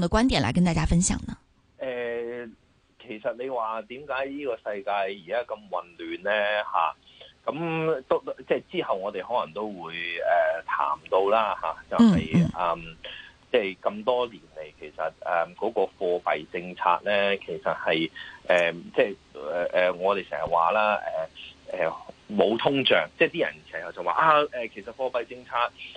嘅觀點嚟跟大家分享呢？誒，其實你話點解呢個世界而家咁混亂呢？吓、啊，咁都即係之後我哋可能都會誒談、呃、到啦，吓、啊、就係、是、誒，即係咁多年嚟，其實誒嗰、嗯那個貨幣政策呢，其實係誒、呃、即係誒誒，我哋成日話啦，誒、呃、誒。呃冇通脹，即係啲人成日就話啊，誒，其實貨幣政策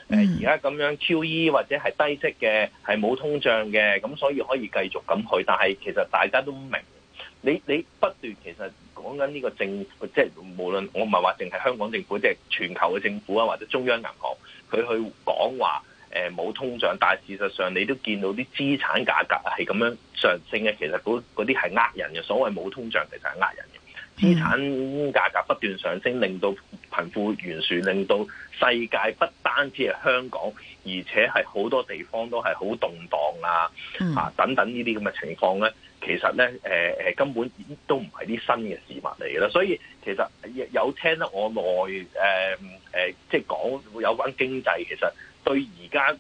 誒而家咁樣 QE 或者係低息嘅係冇通脹嘅，咁所以可以繼續咁去。但係其實大家都明，你你不斷其實講緊呢個政，即係無論我唔係話淨係香港政府，即係全球嘅政府啊，或者中央銀行佢去講話誒冇通脹，但係事實上你都見到啲資產價格係咁樣上升嘅，其實嗰嗰啲係呃人嘅，所謂冇通脹其實係呃人。資產價格不斷上升，令到貧富懸殊，令到世界不單止係香港，而且係好多地方都係好動盪啊，啊等等呢啲咁嘅情況咧，其實咧誒誒根本都唔係啲新嘅事物嚟嘅啦。所以其實有聽得我內誒誒即係講有關經濟，其實對而家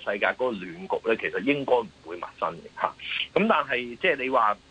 誒世界嗰個亂局咧，其實應該唔會陌生嘅嚇。咁、啊、但係即係你話。即係講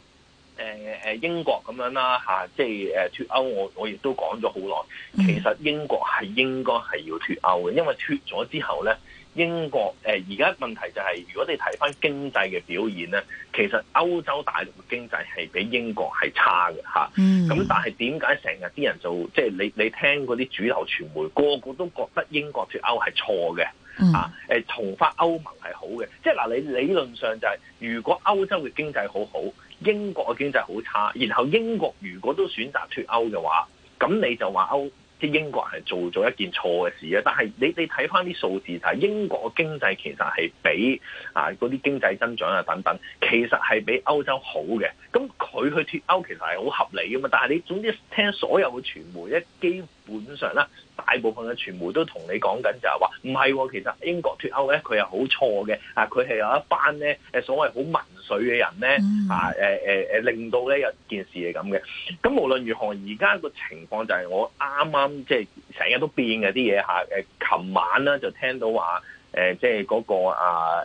誒誒英國咁樣啦嚇，即係誒脱歐我，我我亦都講咗好耐。其實英國係應該係要脱歐嘅，因為脱咗之後咧，英國誒而家問題就係、是，如果你睇翻經濟嘅表現咧，其實歐洲大陸嘅經濟係比英國係差嘅嚇。咁、mm. 但係點解成日啲人就即係、就是、你你聽嗰啲主流傳媒，個個都覺得英國脱歐係錯嘅、mm. 啊？誒，重返歐盟係好嘅，即係嗱，你理論上就係、是、如果歐洲嘅經濟好好。英國嘅經濟好差，然後英國如果都選擇脱歐嘅話，咁你就話歐即英國係做咗一件錯嘅事啊！但係你你睇翻啲數字就係英國嘅經濟其實係比啊嗰啲經濟增長啊等等，其實係比歐洲好嘅。咁佢去脱歐其實係好合理嘅嘛。但係你總之聽所有嘅傳媒咧，幾基本上啦，大部分嘅傳媒都同你講緊，就係話唔係，其實英國脫歐咧，佢係好錯嘅啊！佢係有一班咧，誒所謂好民粹嘅人咧、mm-hmm. 啊，誒誒誒，令到咧有件事係咁嘅。咁無論如何，而家個情況就係我啱啱即係成日都變嘅啲嘢嚇誒，琴晚咧就聽到話誒，即係嗰個啊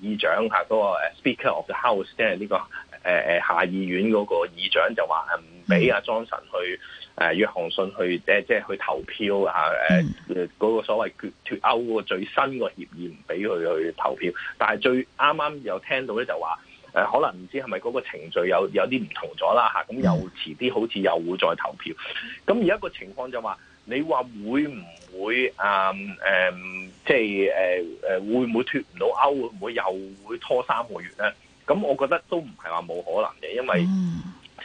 誒議長嚇嗰、嗰個 Speaker of the House，即係呢、呢個。誒下議院嗰個議長就話唔俾阿莊臣，去誒約翰遜去即係去投票、嗯、啊！誒、那、嗰個所謂決脱歐嗰個最新個協議唔俾佢去投票。但係最啱啱又聽到咧，就話可能唔知係咪嗰個程序有有啲唔同咗啦嚇，咁又遲啲好似又會再投票。咁而家個情況就話，你話會唔會啊、嗯嗯？即係誒會唔會脱唔到歐？會唔會又會拖三個月咧？咁我覺得都唔係話冇可能嘅，因為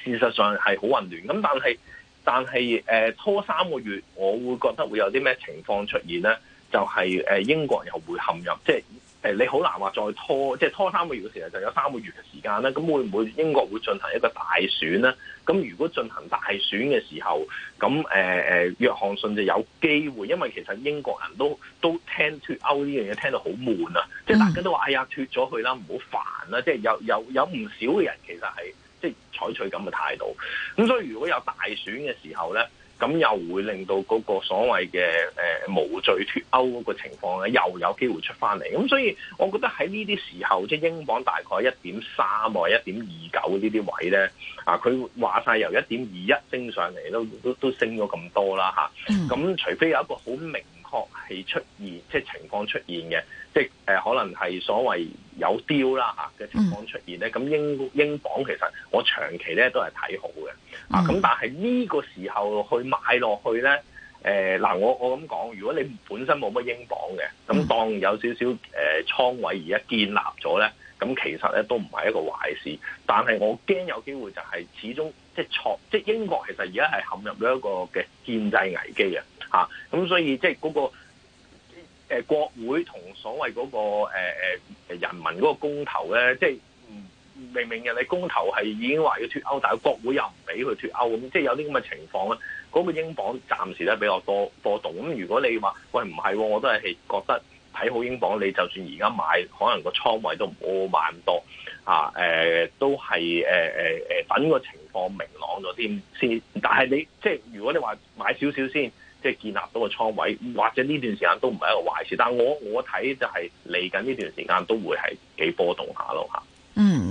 事實上係好混亂。咁但係但係誒，拖三個月，我會覺得會有啲咩情況出現咧？就係誒英國又會陷入，即係誒你好難話再拖，即係拖三個月嘅時間就有三個月嘅時間咧。咁會唔會英國會進行一個大選咧？咁如果進行大選嘅時候，咁誒誒約翰遜就有機會，因為其實英國人都都聽脫歐呢樣嘢聽到好悶啊，即係大家都話哎呀脫咗佢啦，唔好煩啦，即係有有有唔少嘅人其實係即係採取咁嘅態度。咁所以如果有大選嘅時候咧。咁又會令到嗰個所謂嘅誒無罪脱歐嗰個情況咧，又有機會出翻嚟。咁所以，我覺得喺呢啲時候，即係英鎊大概一點三或一點二九呢啲位咧，啊，佢話晒由一點二一升上嚟，都都都升咗咁多啦嚇。咁、啊、除非有一個好明確係出現即係情況出現嘅，即係誒、呃、可能係所謂有 deal 啦嚇嘅情況出現咧，咁英英鎊其實我長期咧都係睇好嘅，啊咁但係呢個時候去買落去咧，誒、呃、嗱我我咁講，如果你本身冇乜英鎊嘅，咁當有少少誒、呃、倉位而家建立咗咧。咁其實咧都唔係一個壞事，但係我驚有機會就係始終即係錯，即係英國其實而家係陷入咗一個嘅建制危機的啊！嚇咁所以即係嗰、那個誒、呃、國會同所謂嗰、那個誒誒、呃、人民嗰個公投咧，即係明明人哋公投係已經話要脱歐，但係國會又唔俾佢脱歐，咁即係有啲咁嘅情況咧，嗰、那個英鎊暫時咧比較多波動。咁如果你話喂唔係、哦，我都係係覺得，睇好英鎊，你就算而家買，可能個倉位都唔好買咁多嚇。誒、啊，都係誒誒誒，等個情況明朗咗先先。但係你即係如果你話買少少先，即係建立到個倉位，或者呢段時間都唔係一個壞事。但係我我睇就係嚟緊呢段時間都會係幾波動下咯嚇。嗯。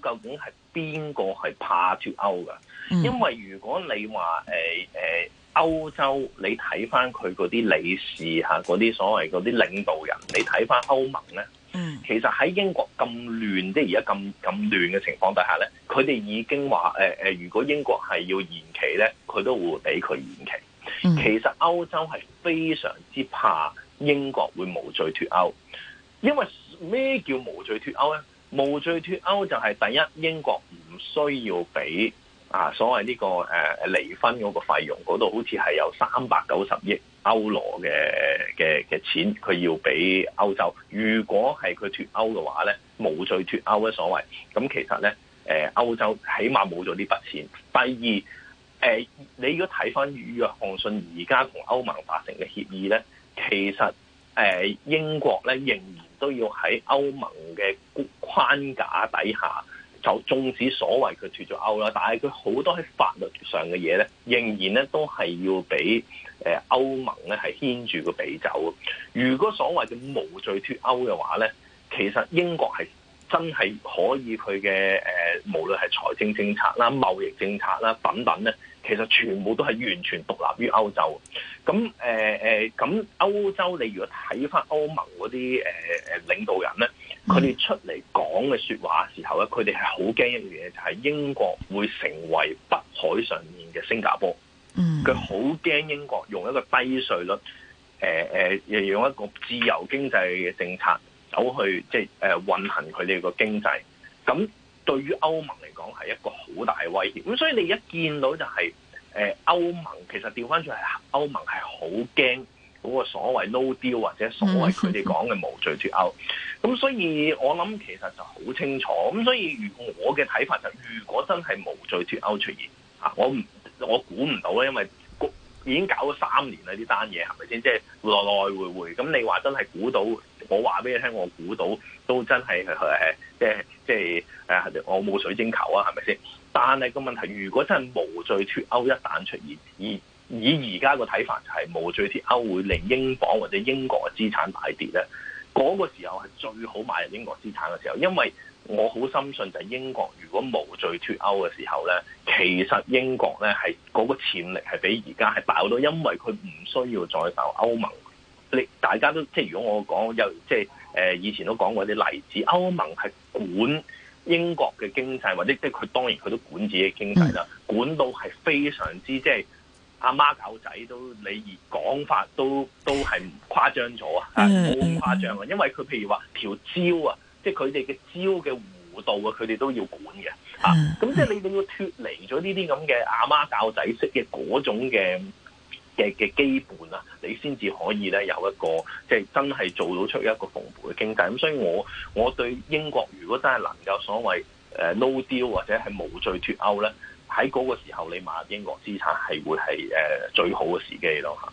究竟係邊個係怕脱歐噶？因為如果你話誒誒歐洲，你睇翻佢嗰啲理事吓，嗰、啊、啲所謂嗰啲領導人，你睇翻歐盟咧、嗯，其實喺英國咁亂，即係而家咁咁亂嘅情況底下咧，佢哋已經話誒誒，如果英國係要延期咧，佢都會俾佢延期。嗯、其實歐洲係非常之怕英國會無罪脱歐，因為咩叫無罪脱歐咧？無罪脱歐就係第一，英國唔需要俾啊所謂呢、這個誒、啊、離婚嗰個費用，嗰度好似係有三百九十億歐羅嘅嘅嘅錢，佢要俾歐洲。如果係佢脱歐嘅話咧，無罪脱歐咧，所謂咁其實咧誒、啊，歐洲起碼冇咗呢筆錢。第二誒、啊，你如果睇翻與約翰遜而家同歐盟達成嘅協議咧，其實誒、啊、英國咧仍然都要喺歐盟嘅。框架底下就縱使所謂佢脱咗歐啦，但係佢好多喺法律上嘅嘢咧，仍然咧都係要俾誒歐盟咧係牽住個鼻走的。如果所謂嘅無罪脱歐嘅話咧，其實英國係真係可以佢嘅誒，無論係財政政策啦、貿易政策啦等等咧，其實全部都係完全獨立於歐洲。咁誒誒，咁、呃、歐洲你如果睇翻歐盟嗰啲誒誒領導人咧？佢哋出嚟講嘅説話的時候咧，佢哋係好驚一樣嘢，就係、是、英國會成為北海上面嘅新加坡。嗯，佢好驚英國用一個低稅率，誒、呃、誒，用一個自由經濟嘅政策走去即係誒、呃、運行佢哋個經濟。咁對於歐盟嚟講係一個好大威脅。咁所以你一見到就係、是、誒、呃、歐盟，其實調翻轉係歐盟係好驚。嗰個所謂 no deal 或者所謂佢哋講嘅無罪脱歐， 咁所以我諗其實就好清楚。咁所以，如果我嘅睇法就，如果真係無罪脱歐出現，啊，我唔我估唔到咧，因為已經搞咗三年啦，呢單嘢係咪先？即係來來回回，咁你話真係估到？我話俾你聽，我估到都真係係即係即係，我冇水晶球啊，係咪先？但係個問題，如果真係無罪脱歐一旦出現，咦？以而家個睇法就係無罪脱歐會令英鎊或者英國資產大跌咧，嗰、那個時候係最好買入英國資產嘅時候，因為我好深信就係英國如果無罪脱歐嘅時候咧，其實英國咧係嗰個潛力係比而家係大好多，因為佢唔需要再受歐盟。你大家都即係如果我講有即係誒，以前都講過啲例子，歐盟係管英國嘅經濟，或者即係佢當然佢都管自己經濟啦，管到係非常之即係。就係阿媽教仔都，你而講法都都係誇張咗啊！好、嗯嗯、誇張啊！因為佢譬如話條蕉啊，即係佢哋嘅蕉嘅弧度啊，佢哋都要管嘅嚇。咁、嗯啊、即係你你要脱離咗呢啲咁嘅阿媽教仔式嘅嗰種嘅嘅嘅基本啊，你先至可以咧有一個即係、就是、真係做到出一個蓬勃嘅經濟。咁所以我我對英國如果真係能夠所謂誒 no deal 或者係無罪脱歐咧。喺嗰個時候，你買英國資產係會係誒最好嘅時機咯嚇。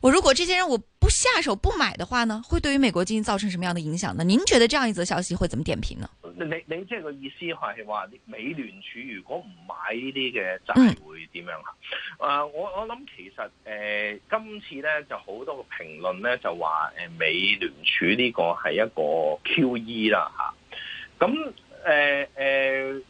我如果這些人我不下手不買的話呢，會對於美國經濟造成什麼樣的影響呢？您覺得這樣一則消息會怎麼點評呢？你你即係個意思係話美聯儲如果唔買呢啲嘅債會點樣啊、嗯？啊，我我諗其實誒、呃、今次呢就好多個評論呢就話誒美聯儲呢個係一個 QE 啦吓，咁誒誒。嗯呃呃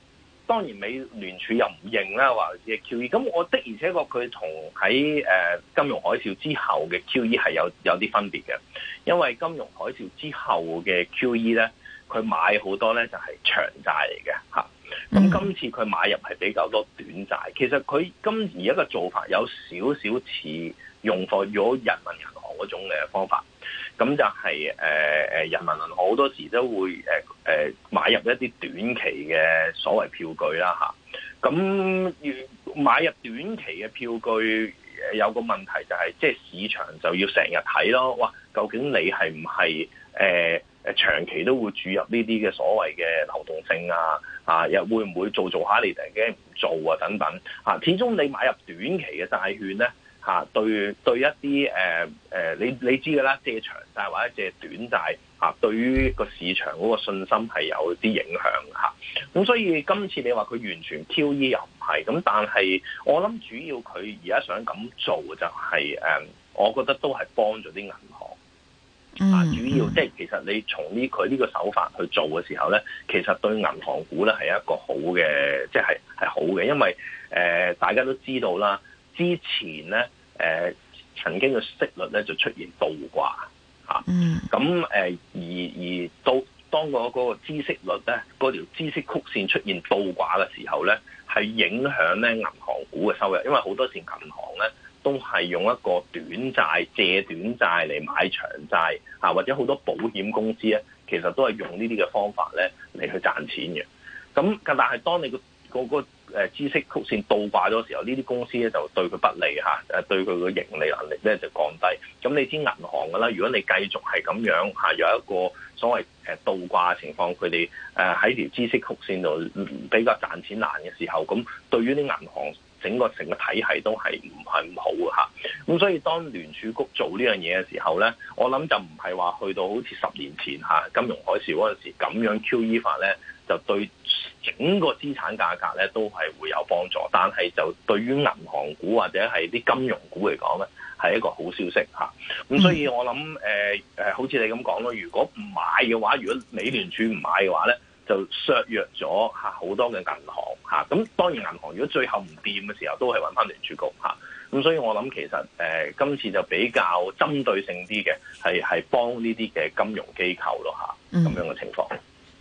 當然，美聯儲又唔認啦，或者係 QE。咁我的而且確佢同喺誒金融海嘯之後嘅 QE 係有有啲分別嘅，因為金融海嘯之後嘅 QE 咧，佢買好多咧就係長債嚟嘅嚇。咁今次佢買入係比較多短債，其實佢今而家個做法有少少似用貨咗人民銀行嗰種嘅方法。咁就係、是、誒、呃、人民銀行好很多時都會誒誒、呃、買入一啲短期嘅所謂票據啦嚇，咁、啊、要買入短期嘅票據有個問題就係即係市場就要成日睇咯，哇！究竟你係唔係誒誒長期都會注入呢啲嘅所謂嘅流動性啊啊？又會唔會做做下你突然間唔做啊等等嚇、啊？始終你買入短期嘅債券咧。嚇對對一啲誒誒，你你知嘅啦，借長債或者借短債嚇，對於個市場嗰個信心係有啲影響嚇。咁所以今次你話佢完全 QE 又唔係咁，但係我諗主要佢而家想咁做就係、是、誒，我覺得都係幫咗啲銀行。Mm-hmm. 主要即係其實你從呢佢呢個手法去做嘅時候咧，其實對銀行股咧係一個好嘅，即係係好嘅，因為誒大家都知道啦，之前咧。誒，曾經嘅息率咧就出現倒掛吓，咁、嗯、誒而而當嗰個孳息率咧，嗰條孳息曲線，出現倒掛嘅時候咧，係影響咧銀行股嘅收入，因為好多時銀行咧都係用一個短債借短債嚟買長債啊，或者好多保險公司咧，其實都係用呢啲嘅方法咧嚟去賺錢嘅。咁但係當你、嗰個個個誒知識曲線倒掛咗時候，呢啲公司咧就對佢不利嚇，誒對佢個盈利能力咧就降低。咁你知銀行嘅啦，如果你繼續係咁樣嚇，有一個所謂誒倒掛嘅情況，佢哋誒喺條知識曲線度比較賺錢難嘅時候，咁對於啲銀行整個成個體系都係唔係咁好嘅嚇。咁所以當聯儲局做呢樣嘢嘅時候咧，我諗就唔係話去到好似十年前嚇金融海嘯嗰陣時咁樣 QE 化咧。就對整個資產價格咧都係會有幫助，但係就對於銀行股或者係啲金融股嚟講咧，係一個好消息嚇。咁、啊、所以我諗誒誒，好似你咁講咯，如果唔買嘅話，如果美聯儲唔買嘅話咧，就削弱咗嚇好多嘅銀行嚇。咁、啊、當然銀行如果最後唔掂嘅時候，都係揾翻聯儲局嚇。咁、啊、所以我諗其實誒、呃、今次就比較針對性啲嘅，係係幫呢啲嘅金融機構咯嚇，咁樣嘅情況。嗯。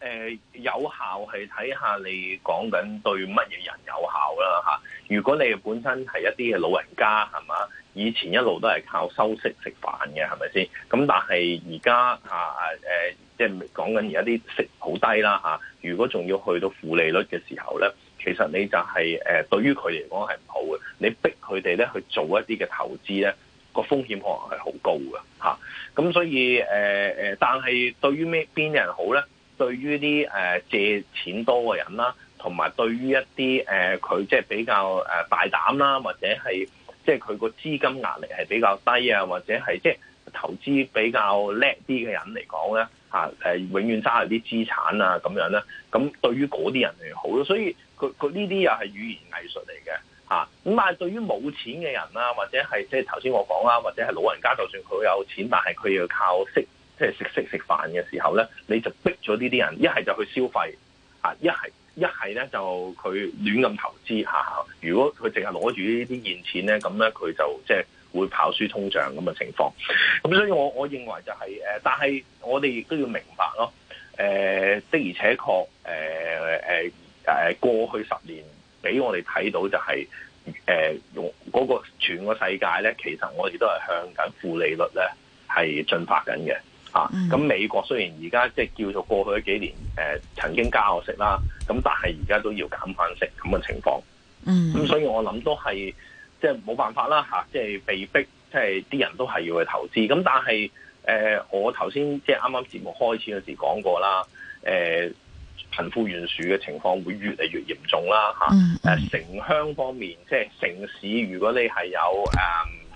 誒、呃、有效係睇下你講緊對乜嘢人有效啦。如果你本身係一啲嘅老人家係嘛，以前一路都係靠收息、啊呃就是、食飯嘅係咪先？咁但係而家嚇即係講緊而家啲息好低啦。如果仲要去到負利率嘅時候咧，其實你就係誒對於佢嚟講係唔好嘅，你逼佢哋咧去做一啲嘅投資咧，那個風險可能係好高嘅咁、啊、所以誒、呃、但係對於咩邊啲人好咧？對於啲誒借錢多嘅人啦，同埋對於一啲誒佢即係比較誒大膽啦，或者係即係佢個資金壓力係比較低啊，或者係即係投資比較叻啲嘅人嚟講咧，嚇、啊、誒、啊、永遠揸住啲資產啊咁樣咧，咁對於嗰啲人嚟好咯。所以佢佢呢啲又係語言藝術嚟嘅嚇。咁、啊、但係對於冇錢嘅人啦，或者係即係頭先我講啦，或者係老人家，就算佢有錢，但係佢要靠息。即係食食食飯嘅時候咧，你就逼咗呢啲人一係就去消費，一係一係咧就佢亂咁投資下、啊、如果佢淨係攞住呢啲現錢咧，咁咧佢就即係、就是、會跑輸通脹咁嘅情況。咁所以我我認為就係、是、但係我哋亦都要明白咯。誒、呃、的而且確、呃呃、過去十年俾我哋睇到就係用嗰個全個世界咧，其實我哋都係向緊負利率咧係進發緊嘅。嗯、啊，咁美國雖然而家即係叫做過去幾年，誒、呃、曾經加我息啦，咁但係而家都要減翻息咁嘅情況。嗯、咁、嗯、所以我諗都係即係冇辦法啦，吓、啊，即、就、係、是、被逼，即係啲人都係要去投資。咁但係，誒、呃、我頭先即係啱啱節目開始嗰時講過啦，誒、呃、貧富懸殊嘅情況會越嚟越嚴重啦，吓、啊，誒、嗯呃嗯、城鄉方面，即、就、係、是、城市如果你係有誒。呃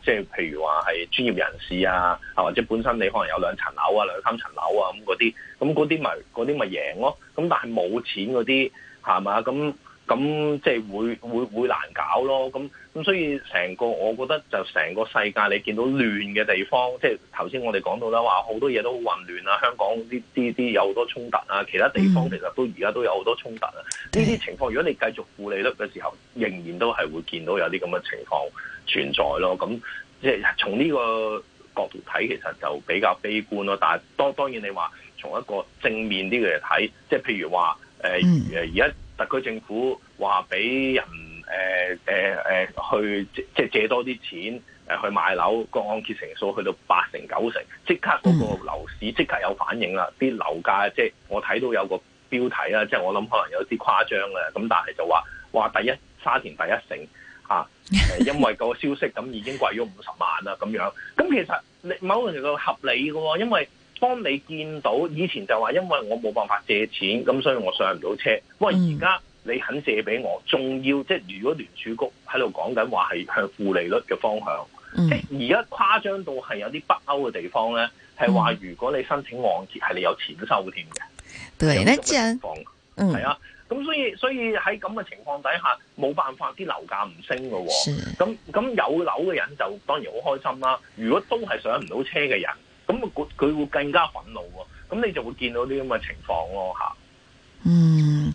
即係譬如話係專業人士啊，啊或者本身你可能有兩層樓啊，兩三層樓啊咁嗰啲，咁嗰啲咪嗰啲咪贏咯，咁但係冇錢嗰啲係嘛咁。咁即係會會會難搞咯。咁咁，所以成個我覺得就成個世界，你見到亂嘅地方，即係頭先我哋講到啦，話好多嘢都好混亂啊。香港呢啲啲有好多衝突啊，其他地方其實都而家都有好多衝突啊。呢啲情況，如果你繼續負利率嘅時候，仍然都係會見到有啲咁嘅情況存在咯。咁即係從呢個角度睇，其實就比較悲觀咯。但係，當當然你話從一個正面啲嘅嚟睇，即係譬如話而家。呃嗯特區政府話俾人誒誒誒去即即借多啲錢誒、呃、去買樓，個按揭成數去到八成九成，即刻嗰個樓市即刻有反應啦！啲樓價即，我睇到有個標題啦，即我諗可能有啲誇張啦，咁但係就話話第一沙田第一城啊，因為嗰個消息咁，已經貴咗五十萬啦咁樣，咁其實某個程度夠合理嘅喎，因為。當你見到以前就話，因為我冇辦法借錢，咁所以我上唔到車。喂，而家你肯借俾我，仲要即係如果聯儲局喺度講緊話係向負利率嘅方向，而家誇張到係有啲北歐嘅地方咧，係話如果你申請按揭係你有錢收添嘅。對呢，呢啲情況，係、嗯、啊，咁所以所以喺咁嘅情況底下，冇辦法啲樓價唔升㗎喎、哦。咁咁有樓嘅人就當然好開心啦。如果都係上唔到車嘅人，咁佢佢會更加憤怒喎，咁你就會見到啲咁嘅情況咯，吓、嗯。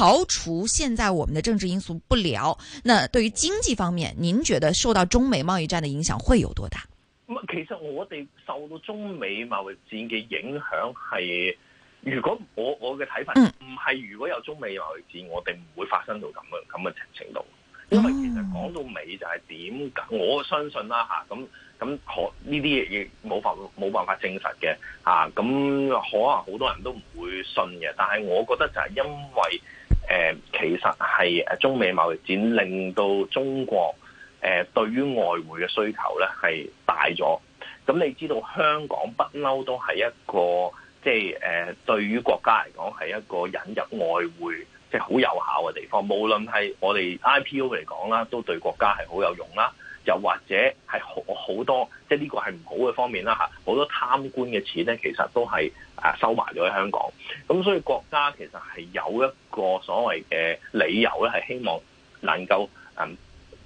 刨除現在我們的政治因素不聊，那對於經濟方面，您覺得受到中美貿易戰的影響會有多大？其實我哋受到中美貿易戰嘅影響係，如果我我嘅睇法唔係，如果有中美貿易戰，嗯、我哋唔會發生到咁嘅咁嘅程程度。因為其實講到尾就係點，我相信啦、啊、吓，咁咁可呢啲嘢冇冇辦法證實嘅吓，咁、啊啊啊、可能好多人都唔會信嘅。但係我覺得就係因為。誒其實係誒中美貿易戰令到中國誒對於外匯嘅需求咧係大咗，咁你知道香港不嬲都係一個即係誒對於國家嚟講係一個引入外匯即係好有效嘅地方，無論係我哋 IPO 嚟講啦，都對國家係好有用啦，又或者係好好多即係呢個係唔好嘅方面啦嚇，好多貪官嘅錢咧其實都係。啊，收埋咗喺香港，咁所以國家其實係有一個所謂嘅理由咧，係希望能夠誒、嗯、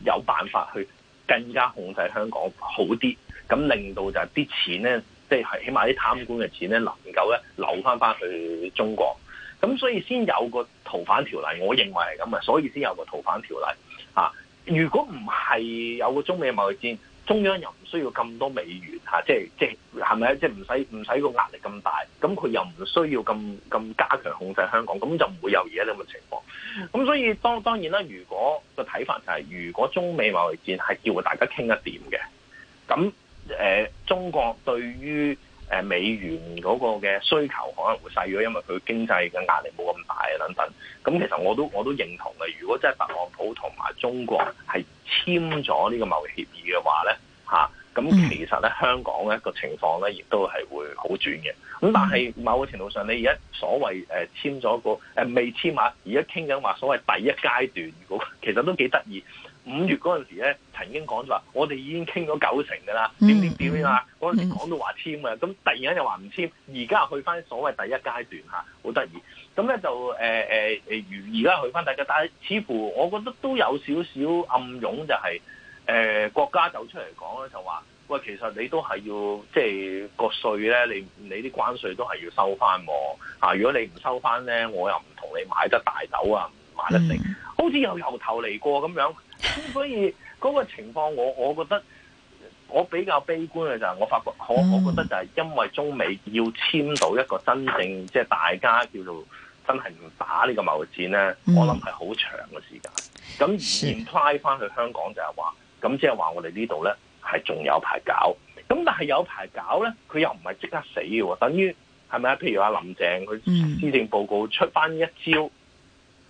有辦法去更加控制香港好啲，咁令到就係啲錢咧，即、就、係、是、起碼啲貪官嘅錢咧，能夠咧留翻翻去中國，咁所以先有個逃犯條例，我認為係咁嘅，所以先有個逃犯條例、啊、如果唔係有個中美貿易戰。中央又唔需要咁多美元吓，即係即係係咪？即係唔使唔使個壓力咁大，咁佢又唔需要咁咁加強控制香港，咁就唔會有而家咁嘅情況。咁、啊、所以，當，當然啦，如果個睇法係、就係，如果中美貿易戰係叫大家傾一點嘅，咁、啊、中國對於。誒美元嗰個嘅需求可能會細咗，因為佢經濟嘅壓力冇咁大啊，等等。咁其實我都我都認同嘅。如果真係特朗普同埋中國係簽咗呢個貿易協議嘅話咧，咁、啊、其實咧香港咧個情況咧，亦都係會好轉嘅。咁但係某個程度上，你而家所謂誒簽咗個、啊、未簽嘛，而家傾緊話所謂第一階段其實都幾得意。五月嗰陣時咧，曾經講咗話我哋已經傾咗九成嘅啦，點點點啊！嗰、嗯、陣、嗯、時講到話簽啊，咁突然間又話唔簽，而家去翻所謂第一階段嚇，好得意。咁咧就誒誒誒，而家去翻第一，但係似乎我覺得都有少少暗湧、就是，就係誒國家走出嚟講咧，就話喂，其實你都係要即係個稅咧，你你啲關稅都係要收翻喎、啊。如果你唔收翻咧，我又唔同你買得大樓啊，買得成、嗯，好似又由，由頭嚟過咁樣。咁、嗯、所以嗰、那個情況，我我覺得我比較悲觀嘅就係，我發覺、mm. 我我覺得就係因為中美要簽到一個真正即係、就是、大家叫做真係唔打呢個貿易戰咧，mm. 我諗係好長嘅時間。咁、嗯、而然 p r y 翻去香港就係話，咁即係話我哋呢度咧係仲有排搞。咁但係有排搞咧，佢又唔係即刻死嘅，等於係咪啊？譬如話林鄭佢施政報告出翻一招，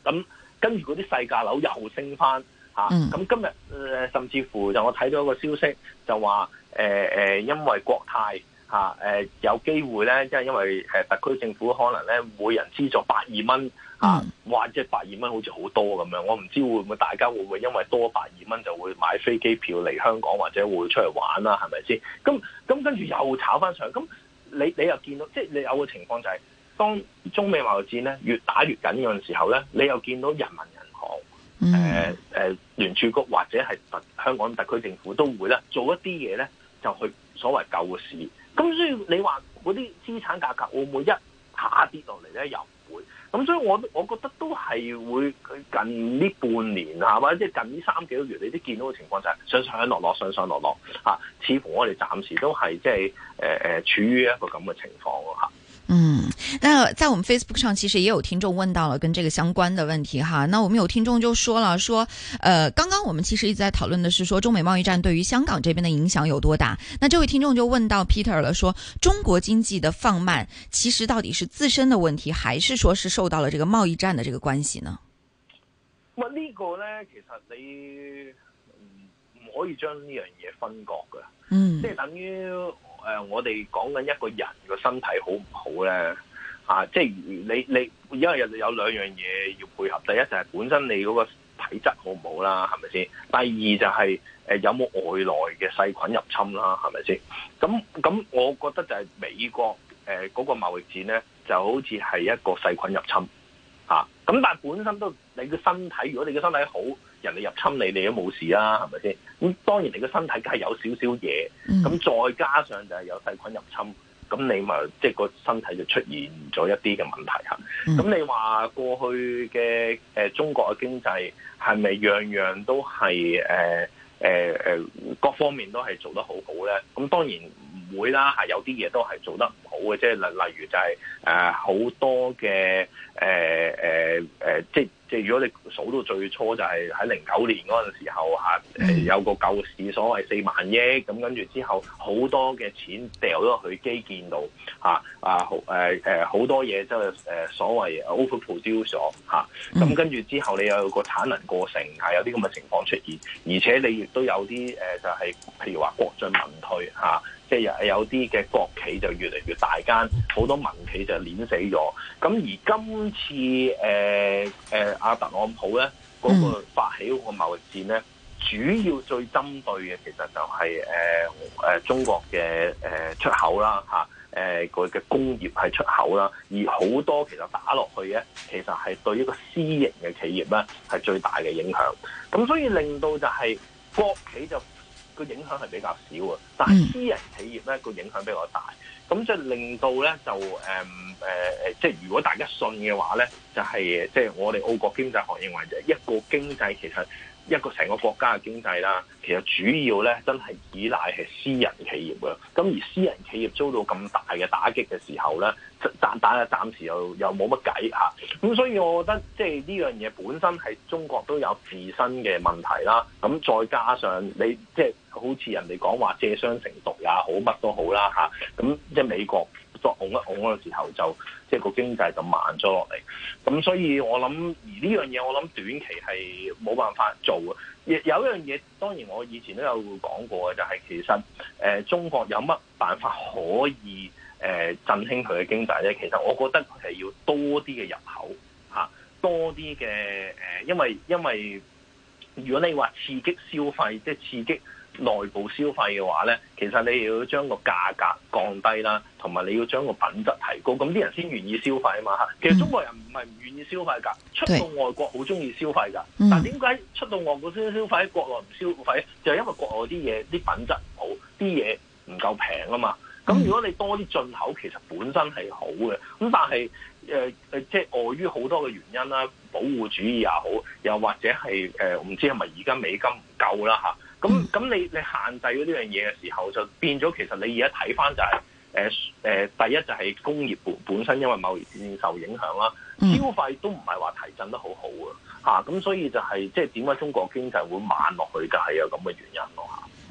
咁跟住嗰啲細價樓又升翻。嗯、啊，咁今日、呃、甚至乎就我睇到一個消息就話，誒、呃、誒、呃，因為國泰吓誒、啊呃、有機會咧，即係因為誒、呃、特區政府可能咧每人資助百二蚊啊，或者百二蚊好似好多咁樣，我唔知會唔會大家會唔會因為多百二蚊就會買飛機票嚟香港或者會出去玩啦，係咪先？咁咁跟住又炒翻上，咁你你又見到即係、就是、你有個情況就係、是，當中美貿易戰咧越打越緊嘅時候咧，你又見到人民人。誒、mm-hmm. 誒、呃呃，聯儲局或者係特香港特區政府都會咧做一啲嘢咧，就去所謂救市。咁所以你話嗰啲資產價格會唔會一下跌落嚟咧？又唔會。咁所以我我覺得都係會，佢近呢半年嚇或者即係近呢三幾個月，你都見到嘅情況就係上上落落，上上落落嚇、啊。似乎我哋暫時都係即係誒誒，處於一個咁嘅情況嚇。啊。嗯，那在我們 Facebook 上其實也有聽眾問到了跟這個相關的問題哈。那我們有聽眾就說了說，呃，剛剛我們其實一直在討論的是說，中美貿易戰對於香港這邊的影響有多大？那這位聽眾就問到 Peter 了說，說中國經濟的放慢，其實到底是自身的問題，還是說是受到了這個貿易戰的這個關係呢？哇，呢個呢，其實你唔可以將呢樣嘢分割㗎嗯，即係等於。誒、呃，我哋講緊一個人個身體好唔好咧？嚇、啊，即係你你，因為有有兩樣嘢要配合，第一就係、是、本身你嗰個體質好唔好啦，係咪先？第二就係誒有冇外來嘅細菌入侵啦，係咪先？咁咁，我覺得就係美國誒嗰、呃嗰個貿易戰咧，就好似係一個細菌入侵嚇。咁、啊、但係本身都你嘅身體，如果你嘅身體好。人哋入侵你，你都冇事啦，係咪先？咁當然你個身體梗係有少少嘢，咁再加上就係有細菌入侵，咁你咪即係個身體就出現咗一啲嘅問題嚇。咁你話過去嘅誒、呃、中國嘅經濟係咪樣樣都係誒誒誒各方面都係做得很好好咧？咁當然。會啦，係有啲嘢都係做得唔好嘅，即係例例如就係誒好多嘅誒誒誒，即係即係如果你數到最初就係喺零九年嗰陣時候嚇，誒、啊、有個救市所謂四萬億咁，跟住之後好多嘅錢掉咗去基建度嚇啊誒誒，好多嘢即係誒所謂 overproduction 嚇，咁跟住之後你有個產能過剩係、啊、有啲咁嘅情況出現，而且你亦都有啲誒、呃、就係、是、譬如話國進民退嚇。啊即、有啲嘅國企就越嚟越大間，好多民企就碾死咗。咁而今次誒誒阿特朗普咧嗰個發起嗰個貿易戰咧，主要最針對嘅其實就係誒誒中國嘅誒出口啦嚇，誒佢嘅工業係出口啦，而好多其實打落去咧，其實係對一個私營嘅企業咧係最大嘅影響。咁所以令到就係國企就個影響係比較少啊，但係私人企業咧個影響比較大，咁就令到咧就誒誒誒，即係如果大家信嘅話咧，就係、是、即係我哋奧國經濟學認為，就係一個經濟其實。一個成個國家嘅經濟啦，其實主要咧真係依賴係私人企業㗎，咁而私人企業遭到咁大嘅打擊嘅時候咧，暫暫暫時又又冇乜計嚇，咁所以我覺得即係呢樣嘢本身係中國都有自身嘅問題啦，咁再加上你即係好似人哋講話借商成毒也好，好，乜都好啦吓，咁即係美國。作拱一拱嗰個時候，就即係個經濟就慢咗落嚟。咁所以我想，這我諗而呢樣嘢，我諗短期係冇辦法做，嘅。有一樣嘢，當然我以前都有講過嘅，就係、是、其實誒、呃、中國有乜辦法可以誒、呃、振興佢嘅經濟咧？其實我覺得係要多啲嘅入口嚇，多啲嘅誒，因為因為如果你話刺激消費，即、就、係、是、刺激。內部消費嘅話咧，其實你要將個價格降低啦，同埋你要將個品質提高，咁啲人先願意消費啊嘛嚇。其實中國人唔係唔願意消費噶，出到外國好中意消費噶。但點解出到外國先消費，喺國內唔消費？就係、因為國內啲嘢啲品質唔好，啲嘢唔夠平啊嘛。咁如果你多啲進口，其實本身係好嘅。咁但係誒、呃、即係礙於好多嘅原因啦，保護主義也好，又或者係誒，唔、呃、知係咪而家美金唔夠啦嚇。咁咁，你你限制咗呢樣嘢嘅時候，就變咗其實你而家睇翻就係誒誒，第一就係工業本本身因為貿易戰受影響啦，消費都唔係話提振得好好啊，吓，咁所以就係即係點解中國經濟會慢落去㗎，係有咁嘅原因咯。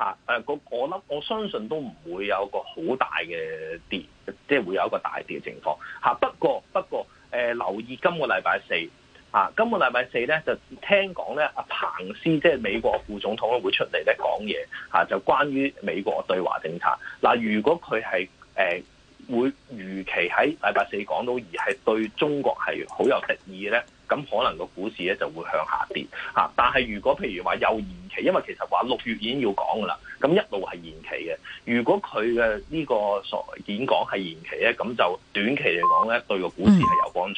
啊！誒，我我諗，我相信都唔會有一個好大嘅跌，即、就、係、是、會有一個大跌嘅情況。嚇！不過不過，誒、呃、留意今個禮拜四，嚇、啊、今個禮拜四咧就聽講咧，阿彭斯即係、就是、美國副總統咧會出嚟咧講嘢，嚇、啊、就關於美國對華政策。嗱、啊，如果佢係誒會如期喺禮拜四講到而係對中國係好有敵意咧？咁可能個股市咧就會向下跌吓，但係如果譬如話有延期，因為其實話六月已經要講噶啦，咁一路係延期嘅。如果佢嘅呢個所演講係延期咧，咁就短期嚟講咧，對個股市係有幫助。嗯